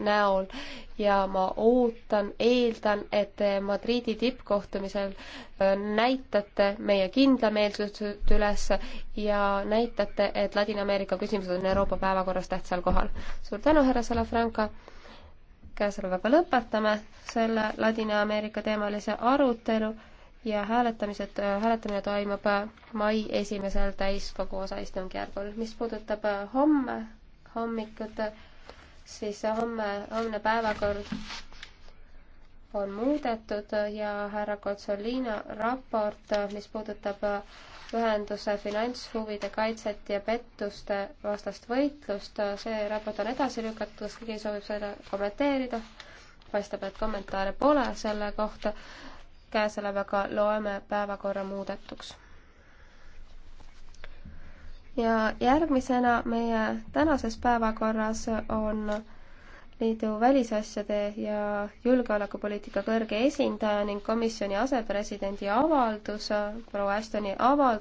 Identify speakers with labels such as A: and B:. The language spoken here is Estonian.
A: näol ja ma ootan, eeldan, et te Madridi tippkohtumisel äh, näitate meie kindlameelsust üles ja näitate, et Ladina-Ameerika küsimused on Euroopa päevakorras tähtsal kohal. suur tänu, härra Salafranca! käesolevaga lõpetame selle Ladina-Ameerika teemalise arutelu ja hääletamised, äh, hääletamine toimub äh, mai esimesel täiskogu osaistungjärgul. mis puudutab homme hommikut, siis homme, homne päevakord on muudetud ja härra Kotsolina raport, mis puudutab äh, ühenduse finantshuvide kaitset ja pettuste vastast võitlust, äh, see raport on edasi lükatud, kas keegi soovib seda kommenteerida? paistab, et kommentaare pole selle kohta. käesolevaga loeme päevakorra muudetuks ja järgmisena meie tänases päevakorras on liidu välisasjade ja julgeolekupoliitika kõrge esindaja ning komisjoni asepresidendi avaldus, proua Ashtoni avaldus